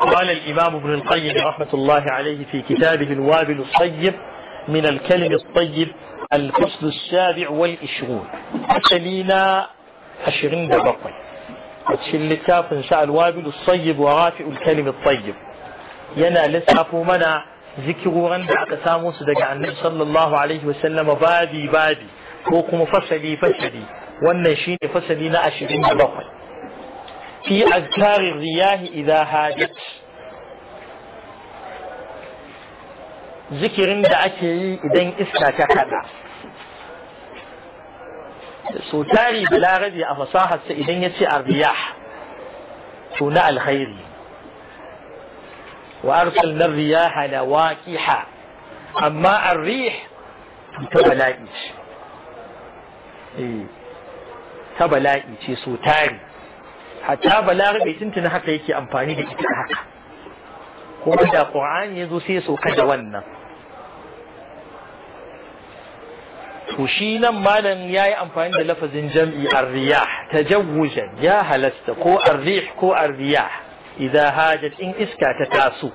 قال الإمام ابن القيم رحمة الله عليه في كتابه الوابل الطيب من الكلم الطيب الفصل السابع والعشرون أسلينا عشرين دبقي كاف إن شاء الوابل الصيب ورافع الكلم الطيب ينا لسعف ذكر ذكرورا بعد صدق عن النبي صلى الله عليه وسلم بادي بادي فوق مفصلي فصلي والنشيد شيني فصلي عشرين دبقي fi azkari riyahi idza hajat zikirin da ake yi idan iska ta kada so tari bilarabi a fasaharsa idan ya ce arriyah to na alkhairi wa arsalna riyaha da waqiha amma arrih ta bala'i ce ta bala'i ce so hatta bai tuntuna haka yake amfani da ita haka kuma da qur'ani yazo sai ya soka da wannan to shi nan malam yayi amfani da lafazin jam'i ar-riyah tajawuzan ya halasta ko ar-rih ko ar-riyah idza hajat in iska ta taso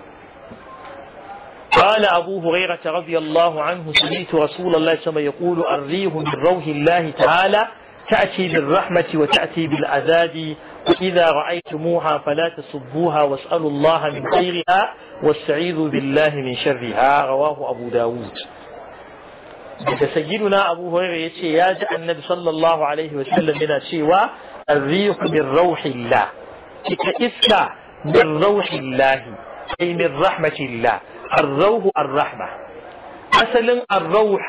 قال أبو هريرة رضي الله عنه سمعت رسول الله صلى يقول الريح من روح الله تعالى تأتي بالرحمة وتأتي بالعذاب إذا رأيتموها فلا تصبوها واسألوا الله من خيرها واستعيذوا بالله من شرها رواه أبو داود سيدنا أبو هريرة يتي يا النبي صلى الله عليه وسلم من شيوى الريح من روح الله إسكا من روح الله أي من رحمة الله الروح الرحمة أصلا الروح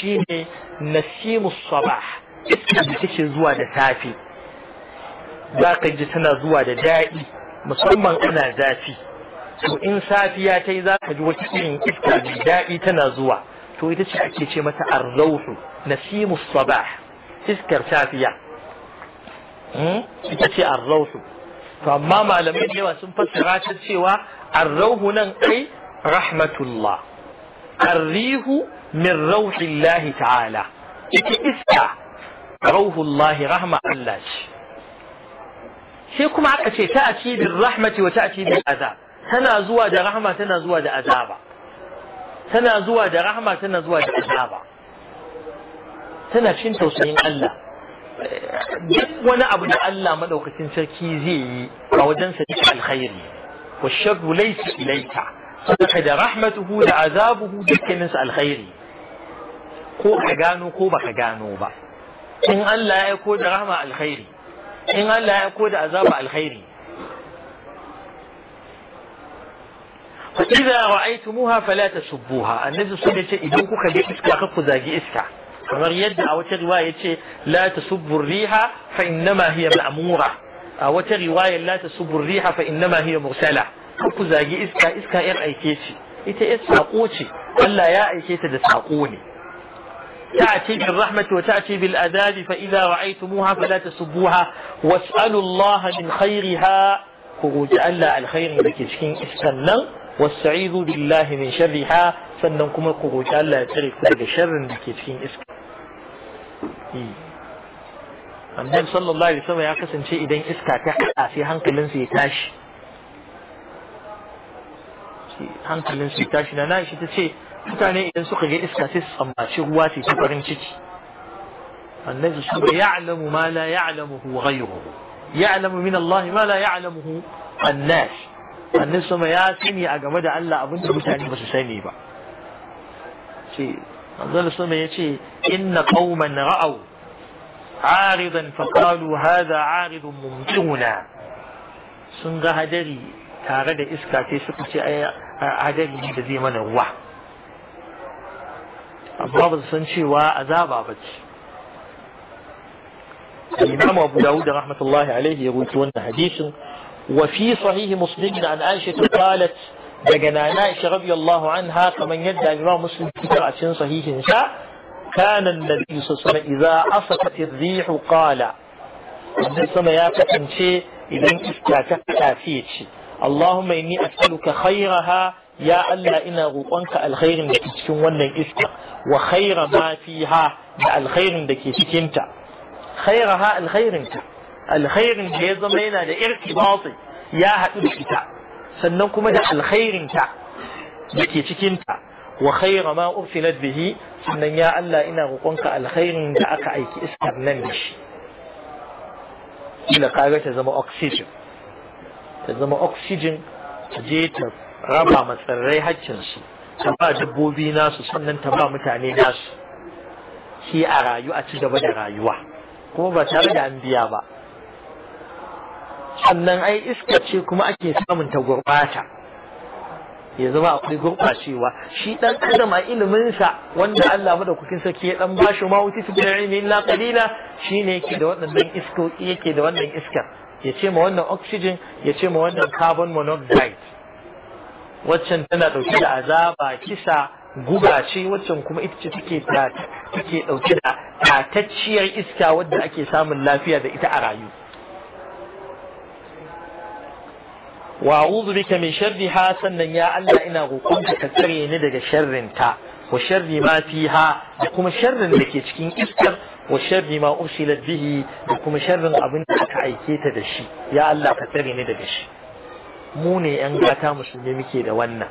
شيء نسيم الصباح إسكا بتشي زوا نسافي za ka ji tana zuwa da daɗi musamman ana zafi to in safiya ta yi za ka ji wata irin iska mai daɗi tana zuwa to ita ce ake ce mata arzauhu nasimu sabah iskar safiya hmm? ita ce arzauhu to amma malamai da yawa sun fassara ta cewa arrauhu nan kai rahmatullah arrihu min rauhillahi ta'ala ita iska rauhullahi rahma Allah ce sai kuma aka ce ta'ati bir rahmati wa ta'ati bil azab tana zuwa da rahma tana zuwa da azaba tana zuwa da rahma tana zuwa da azaba tana cin tausayin Allah duk wani abu da Allah madaukakin sarki zai yi a wajen sa duk alkhairi wa sharru laysa ilayka sadaka da rahmatuhu da azabuhu dukkanin sa alkhairi ko ka gano ko baka gano ba in Allah ya aiko da rahma alkhairi in Allah ya koda azaba alkhairi fa idza ra'aytumuha fala tasubbuha annabi sun yace idan kuka bi iska ka ku zagi iska kamar yadda a wata riwaya yace la tasubbu riha fa innama hiya ma'mura a wata riwaya la tasubbu riha fa innama hiya mursala ku zagi iska iska yar aike ce ita iska ko ce Allah ya aike ta da sako ne تأتي بالرحمة وتأتي بالأذاب فإذا رأيتموها فلا تسبوها واسألوا الله من خيرها كروج ألا الخير لك شكين إسكنن واستعيذوا بالله من شرها سننكم كروج ألا يترك لك شر لك شكين إسكن annabi إيه. صلى الله عليه وسلم kasance أن شيء ta إسكا تحقق في هنك لنسي hankalinsa هنك لنسي na نانا shi ta mutane idan suka ga iska sai su tsammaci ruwa ce ta farin ciki annabi shi ba ya'lamu ma la ya'lamuhu ghayruhu ya'lamu min Allah ma la ya'lamuhu an-nas annabi sama ya sani a game da Allah abin da mutane ba su sani ba ce manzon sama ya ce inna qauman ra'aw aridan fa qalu hadha aridun mumtuna sun ga hadari tare da iska sai suka ce ai hadari da zai mana ruwa amma ba su san cewa azaba ba ce al-imam abu dawud rahmatullahi alaihi ya rubuta wannan hadisin wa fi sahih muslim an aisha qalat daga nana aisha radiyallahu anha kaman yadda imam muslim ta a cikin sahihin sa kanan annabi sallallahu alaihi wasallam idza asatat ar-rih sama ya kasance idan iska ta kafe ce اللهم إني أسألك خيرها ya Allah ina roƙonka alkhairin da ke cikin wannan iska wa khaira ma fiha da alkhairin da ke cikin ta ha alkhairin ta alkhairin da ya zama yana da irtibati ya haɗu da ita sannan kuma da alkhairin ta da ke cikin ta wa khaira ma ursilat bihi sannan ya Allah ina roƙonka alkhairin da aka aiki iskar nan da shi ila kaga ta zama oxygen ta zama oxygen ta je ta raba matsirrai haccinsu ta ba dabbobi nasu sannan ta ba mutane nasu shi a rayu a ci gaba da rayuwa kuma ba tare da an biya ba sannan ai iska ce kuma ake samun ta gurbata ya zama akwai gurɓacewa shi ɗan adam a iliminsa wanda Allah kukin sarki ya ɗan bashi ma wuti fi da ilmi illa qalila shine yake da wannan iska yake da wannan iskar ya ce ma wannan oxygen ya ce ma wannan carbon monoxide waccan tana ɗauke da azaba kisa guga ce waccan kuma ita ce take take ɗauke da tatacciyar iska wadda ake samun lafiya da ita a rayu wa a'udhu bika min sharriha sannan ya Allah ina roƙonka ka tsare ni daga ta wa sharri ma fiha da kuma sharrin da ke cikin iskar wa sharri ma ursilat bihi da kuma sharrin abin da aka aike ta da shi ya Allah ka tsare ni daga shi mu ne yan gata musulmi muke da wannan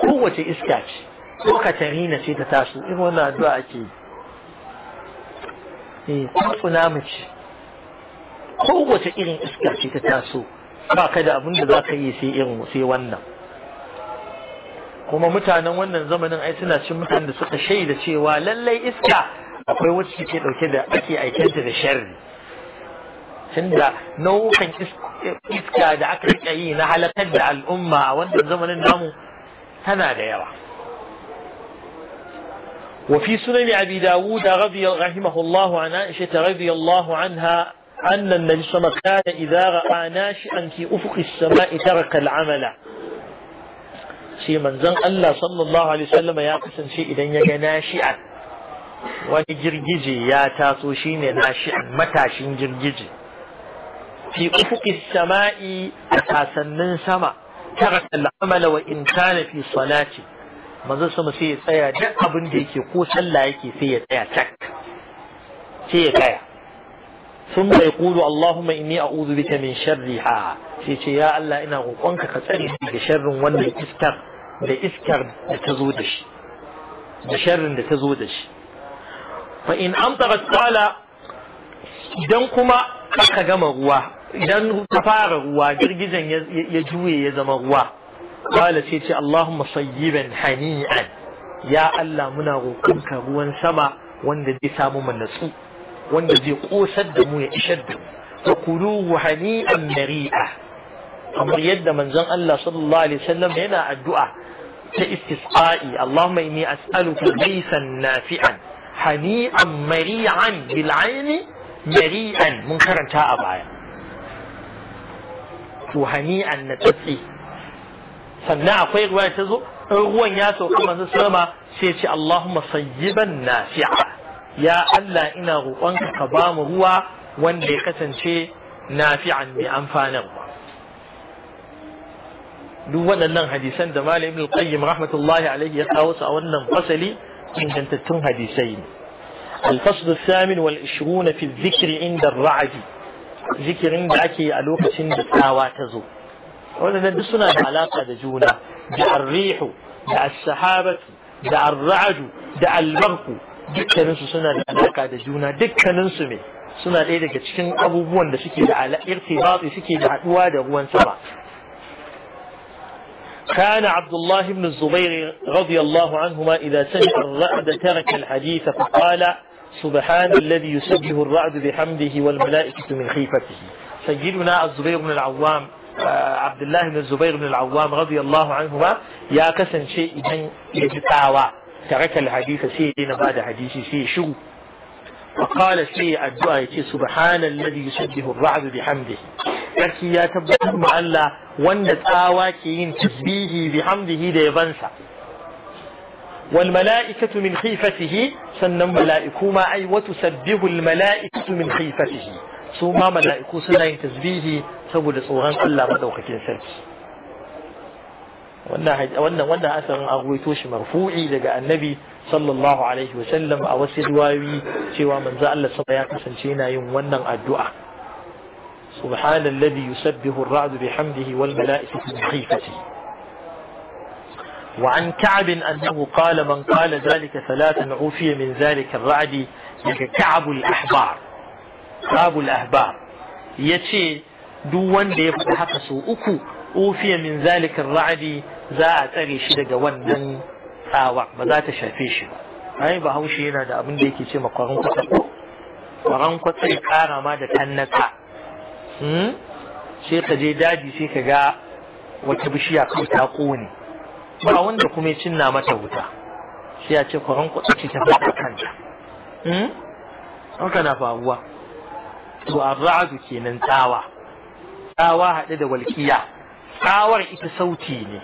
kowace iska ce ko katarina ce ta taso in wannan addu'a ake yi eh, ko tsunami ce kowace irin iska ce ta taso ba ka da abin da za ka yi sai irin sai wannan kuma mutanen wannan zamanin ai suna cin mutanen da suka shaida cewa lallai iska akwai wacce ke dauke da ake aikanta da sharri tunda nau'ukan iska iska دعك aka rika yi na halakar da al'umma a wannan zamanin namu وفي سنن أبي داود رضي رحمه الله عن عائشة رضي الله عنها أن النبي صلى الله عليه وسلم كان إذا رأى ناشئا في أفق السماء ترك العمل شيء من زن الله صلى الله عليه وسلم يا قسن شيء إذا يجي ناشئا وجرجيجي يا ya taso shine nashi'an matashin girgije fi sama'i a kasannin sama tarakal amala wa in kana fi salati ya tsaya duk abin da yake ko sallah yake sai ya tsaya tak sai ya sun bai kudu Allahuma inni a'udhu bika min sharri ha sai ce ya Allah ina roƙonka ka tsare ni daga sharrin wannan iskar da sharrin da ta zo da shi fa in amtarat qala idan kuma ka gama ruwa idan ka fara ruwa girgijen ya juye ya zama ruwa qala ce ce Allahumma sayyiban hani'an ya Allah muna roƙonka ruwan sama wanda zai samu mu natsu wanda zai kosar da mu ya ishar da mu fa hani'an mari'a kamar yadda manzon Allah sallallahu alaihi wasallam yana addu'a ta istisqa'i Allahumma inni as'aluka ghaythan nafi'an hani'an mari'an bil 'aini mari'an mun karanta a baya to na tsatsi sannan akwai ruwa ta zo in ruwan ya sauka masu sama sai ce Allahumma sayyiban nafi'a ya Allah ina roƙonka ka ba mu ruwa wanda ya kasance nafi'an mai amfanarwa duk waɗannan hadisan da Malam Ibn Qayyim rahmatullahi alaihi ya kawo su a wannan fasali ingantattun hadisai ne الفصل الثامن والعشرون في الذكر عند الرعد ذكر عند أكي ألوك سند تاوى تزو ولنا دسنا دجونا دع الريح دع السحابة دع الرعد دع البرق دك ننسو سنة علاقة دجونا دك ننسو من سنة إيدك تشكين أبو بوان دسكي دع الارتباط سكي دع الوادة بوان سبع كان عبد الله بن الزبير رضي الله عنهما إذا سمع الرعد ترك الحديث فقال سبحان الذي يسبه الرعد بحمده والملائكة من خيفته سيدنا الزبير بن العوام آه، عبد الله بن الزبير بن العوام رضي الله عنهما يا كسن شيء من يجتاوى ترك الحديث سيدنا بعد حديث سي شو فقال سي الدعاء سبحان الذي يسبه الرعد بحمده لكن يا تبدو مع الله وان تاوى تسبيه بحمده ديبنسا والملائكة من خيفته سنة ملائكو ما أي وتسبه الملائكة من خيفته ثم ملائكو سنة تسبيه سبو لصوغان قلا مدوك في نسلك وانا وانا اثر اغويتوش مرفوعي لقى النبي صلى الله عليه وسلم اوسي دواوي سوى من زال الصبيات سنشينا يوم وانا الدعاء سبحان الذي يسبه الرعد بحمده والملائكة من خيفته وعن كعب أنه قال من قال ذلك ثلاثا عوفي من ذلك الرعد كعب الأحبار كعب الأحبار يتي دوان دي فتحك سوءكو عوفي من ذلك الرعد ذا أتري شدق وندن آوع بذات شافيش أي بهوشي هنا دا أبن ديكي تيما قرن قطع قرن قطع قارا ما دا تنكا شيخ جيدادي شيخ جا وتبشيا كم تاقوني ba wanda kuma ya cinna mata wuta sai ya ce kwaron kuɗi ce ta faɗa kanta hmm? haka na faruwa to arra'adu kenan tsawa tsawa haɗe da walƙiya tsawar ita sauti ne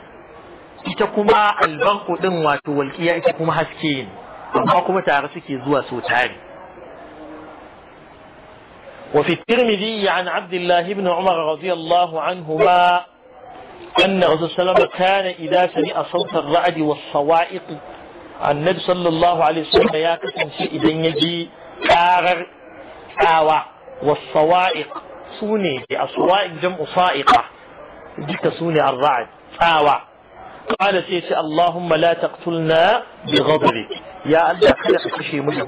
ita kuma albarku ɗin wato walƙiya ita kuma haske ne amma kuma tare suke zuwa sau tare وفي الترمذي عن عبد الله بن عمر رضي الله عنهما أن رسول الله كان إذا سمع صوت الرعد والصواعق النبي صلى الله عليه وسلم يا كسن إذا يجي كارر آوى والصواعق سوني الصواعق جمع صائقة جيك سوني الرعد آوى قال سيسي اللهم لا تقتلنا بغضبك يا الله خلق كشي مجه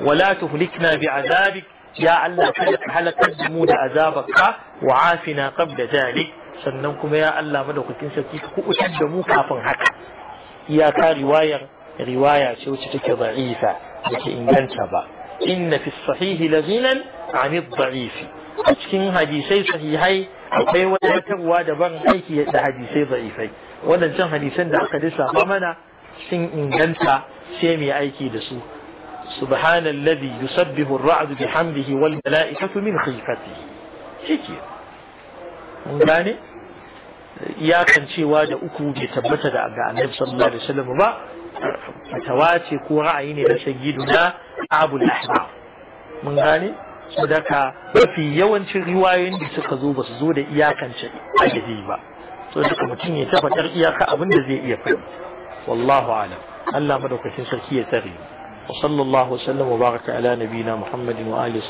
ولا تهلكنا بعذابك يا الله خلق حلقة جمود عذابك وعافنا قبل ذلك sannan kuma ya Allah madaukakin sarki ka kubutar da mu kafin haka iyaka riwayar riwaya ce wacce take da'ifa take inganta ba inna fi sahihi lazinan ani da'ifi a cikin hadisai sahihai akwai wadatarwa da ban aiki da hadisai da'ifai wadancan hadisan da aka lissafa mana sun inganta sai mai aiki da su سبحان الذي يسبح الرعد بحمده والملائكة من خيفته شكي من cewa da uku bai tabbata da ga annabi sallallahu alaihi wasallam ba fatawa ce ko ra'ayi ne na na abul ahbar mun gane su sadaka mafi yawancin riwayoyin da suka zo ba su zo da iyakance adadi ba so duka mutum ya tabbatar iyaka abin da zai iya faɗi wallahu alam Allah madaukakin sarki ya tsare wa sallallahu wa sallam wa baraka ala nabiyina muhammadin wa alihi